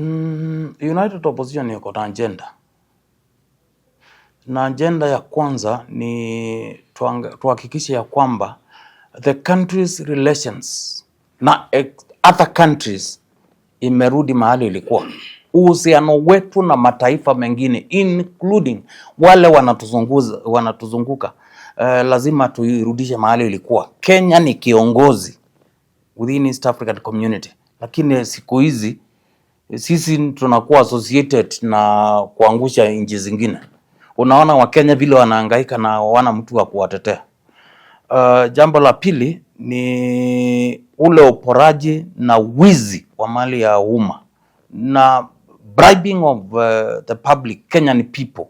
Mm, United Opposition iko na agenda na agenda ya kwanza ni tuhakikishe ya kwamba the country's relations na other countries imerudi mahali ilikuwa. Uhusiano wetu na mataifa mengine including wale wanatuzunguza wanatuzunguka, uh, lazima tuirudishe mahali ilikuwa. Kenya ni kiongozi within East African Community, lakini siku hizi sisi tunakuwa associated na kuangusha nchi zingine. Unaona Wakenya vile wanahangaika na wana mtu wa kuwatetea. Uh, jambo la pili ni ule uporaji na wizi wa mali ya umma na bribing of uh, the public Kenyan people.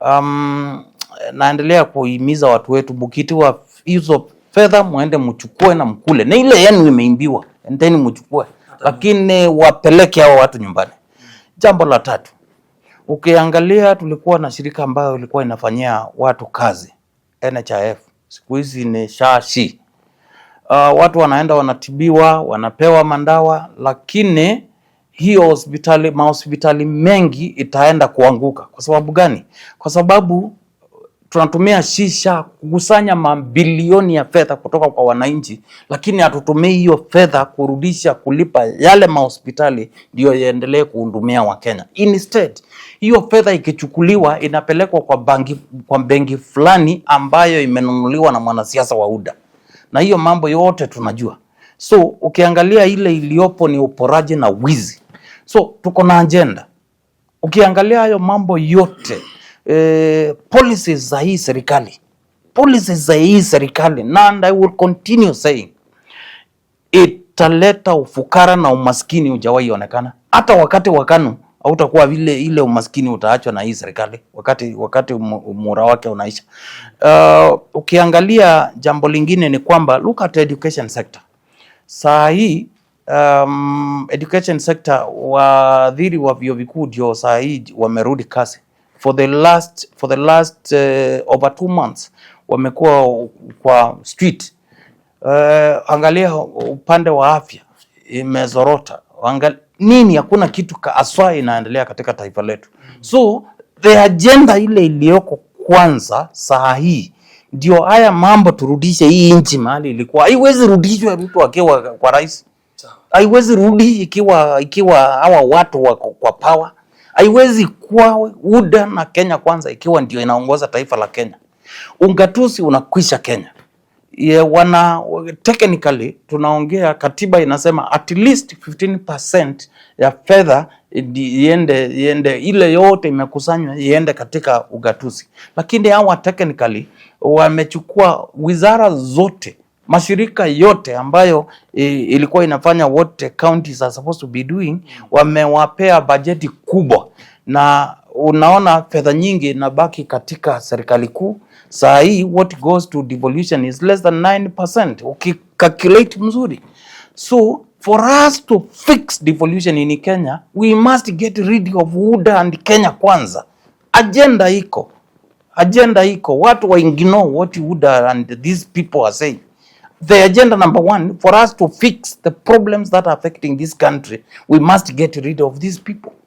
Um, naendelea kuhimiza watu wetu, mkitiwa hizo fedha muende mchukue na mkule, na ile yenu imeimbiwa, endeni mchukue lakini wapeleke hao watu nyumbani. Jambo la tatu, ukiangalia tulikuwa na shirika ambayo ilikuwa inafanyia watu kazi NHIF, siku hizi ni shashi. Uh, watu wanaenda wanatibiwa, wanapewa mandawa, lakini hiyo hospitali mahospitali mengi itaenda kuanguka. Kwa sababu gani? Kwa sababu tunatumia shisha kukusanya mabilioni ya fedha kutoka kwa wananchi, lakini hatutumii hiyo fedha kurudisha kulipa yale mahospitali ndiyo yaendelee kuhudumia Wakenya. Instead, hiyo fedha ikichukuliwa inapelekwa kwa banki, kwa benki fulani ambayo imenunuliwa na mwanasiasa wa UDA, na hiyo mambo yote tunajua. So ukiangalia ile iliyopo ni uporaji na wizi. So tuko na ajenda, ukiangalia hayo mambo yote Eh, policies za hii serikali, policies za hii serikali, na and I will continue saying italeta ufukara na umaskini hujawahi onekana. Hata wakati wa KANU hautakuwa vile, ile umaskini utaachwa na hii serikali wakati wakati muhula wake unaisha. Uh, ukiangalia jambo lingine ni kwamba look at education sector saa hii um, education sector waadhiri wa vyuo vikuu ndio saa hii wamerudi kasi for the last, for the last uh, over two months wamekuwa kwa street. Uh, angalia upande wa afya imezorota, angalia nini, hakuna kitu kaaswa inaendelea katika taifa letu. So the agenda ile iliyoko kwanza saa hii ndio haya mambo, turudishe hii nchi mahali ilikuwa. Haiwezi rudishwa Ruto akiwa kwa rais, haiwezi rudi ikiwa ikiwa hawa watu wako kwa power Haiwezi kuwa UDA na Kenya Kwanza ikiwa ndio inaongoza taifa la Kenya. Ungatusi unakwisha Kenya. Ye, wana technically tunaongea katiba inasema at least 15% ya fedha iende iende ile yote imekusanywa iende katika ugatuzi, lakini hawa technically wamechukua wizara zote mashirika yote ambayo ilikuwa inafanya what counties are supposed to be doing, wamewapea bajeti kubwa na unaona fedha nyingi inabaki katika serikali kuu. Saa hii what goes to devolution is less than 9% ukikalculate mzuri, so for us to fix devolution in Kenya we must get rid of UDA and Kenya Kwanza. Agenda iko, agenda iko, watu wa ignore what UDA and these people are saying. The agenda number one for us to fix the problems that are affecting this country we must get rid of these people.